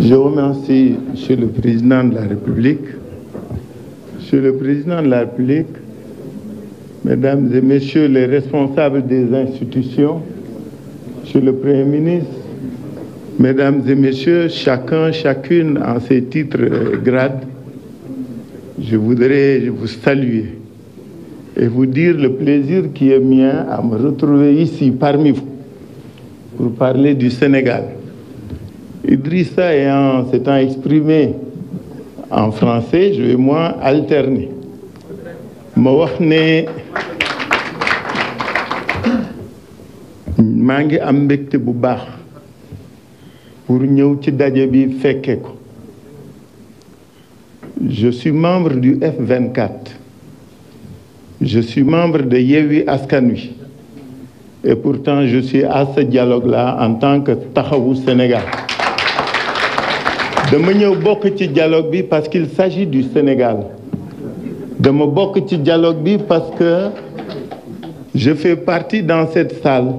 Je remercie Monsieur le Président de la République, Monsieur le Président de la République, Mesdames et Messieurs les responsables des institutions, Monsieur le Premier ministre, Mesdames et Messieurs, chacun, chacune en ses titres grades, je voudrais vous saluer et vous dire le plaisir qui est mien à me retrouver ici parmi vous pour parler du Sénégal Idrissa en s'étant exprimé en français je vais moi alterner pour je suis membre du F24 je suis membre de Yewi Askanui. et pourtant je suis à ce dialogue-là en tant que Taxawu Sénégal je ñëw dialogue bi parce qu'il s'agit du Sénégal me bokk ci dialogue bi parce que je fais partie dans cette salle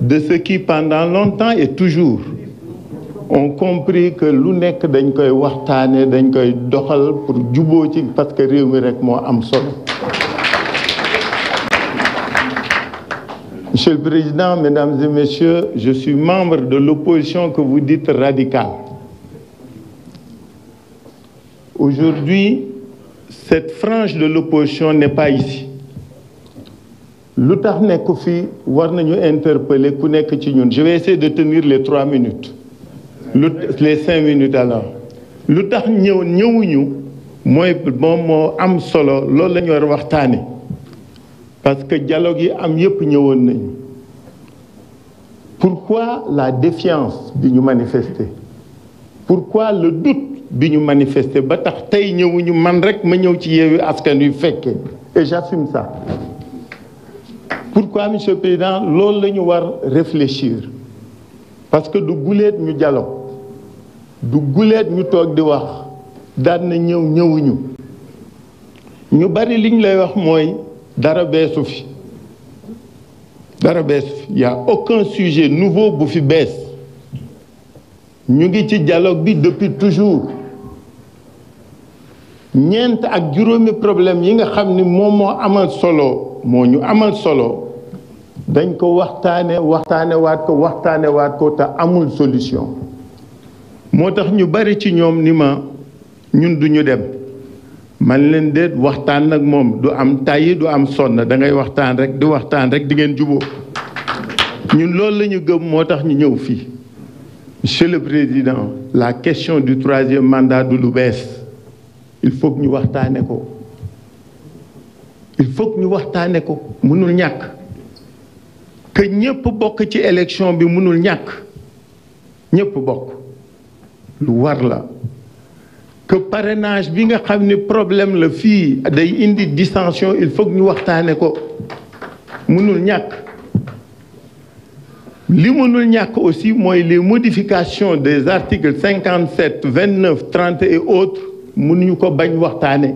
de ceux qui pendant longtemps et toujours ont compris que lu nekk dañ koy waxtaane dañ koy doxal pour djubo ci parce que réew mi rek mo am solo Monsieur le Président, Mesdames et Messieurs, je suis membre de l'opposition que vous dites radicale. Aujourd'hui, cette frange de l'opposition n'est pas ici lu tax nekk war nañu interpeller ku nekk ci je vais essayer de tenir les trois minutes les cinq minutes alors lu tax ñëw ñëwuñu mooy moom am solo loolu la ñu parce que dialogue est am yépp nous. pourquoi la défiance de nous manifester pourquoi le doute bi ñu manifester ba tax tey ñëwuñu man rek ma ñew ci yewu askan yu fekkee et j'assume ça pourquoi monsieur le président lool lañu war réfléchir parce que du guleet ñu dialogue du guleet ñu tok di wax daan na ñew ñëwuñu ñu bari liñ lay wax moy dara beesu fi dara beesu fi y a aucun sujet nouveau bu fi bees ñu ngi ci dialogue bi depuis toujours ñeent ak juróomi problème yi nga xam ni moom moo amal solo moo ñu amal solo dañ ko waxtaane waxtaane waat ko waxtaane waat ko te amul solution moo tax ñu bari ci ñoom ni ma ñun duñu dem man leen déet waxtaan nag moom du am tàyyi du am sonn da ngay waxtaan rek di waxtaan rek di ngeen juboo ñun loolu la ñu gëm moo tax ñu ñëw fii monsieur le président la question du troisième mandat du lu bees il faut que nous waxtaane ko il faut que Nous nous ko mënul que ñépp bok ci élection bi mënul Nous ñépp bok lu war la que parrainage bi nga problème la fi day indi distension, il faut que nous waxtaane ko mënul li aussi les modifications des articles 57 29 30 et autres mënuñu ko bañ waxtaane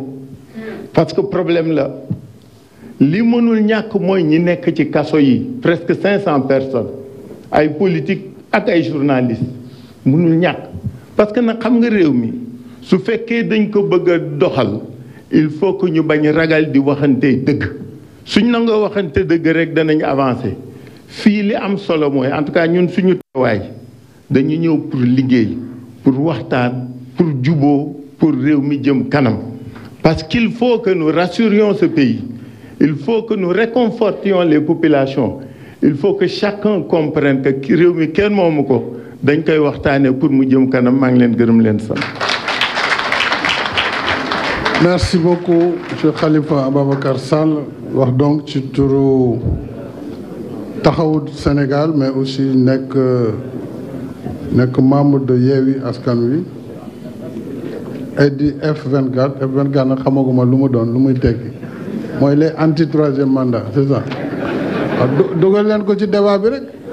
parce que problème la li mënul ñàkk mooy ñi nekk ci kaso yi presque cinq cent personnes ay politique ak ay journalistes mënul ñàkk parce que nag xam nga réew mi su fekkee dañ ko bëgg a doxal il faut que ñu bañ ragal di waxante dëgg suñ nangoo waxante dëgg rek danañ avancé fii li am solo mooy en tout cas ñun suñu tawaay dañu ñëw pour liggéey pour waxtaan pour juboo pour Réumi Diom Kanam. Parce qu'il faut que nous rassurions ce pays. Il faut que nous réconfortions les populations. Il faut que chacun comprenne que Réumi Ken Momoko, dañ koy waxtaanee pour mu kanam merci beaucoup M. Khalifa Ababakar Sall wax donc ci travail du Sénégal mais aussi nekk le membre de Yévi Askan et di F24 F24 nag xamaguma lu mu doon lu muy tekki mooy les anti troisième mandat c'est ça waaw ah, dugal leen ko ci débat bi rek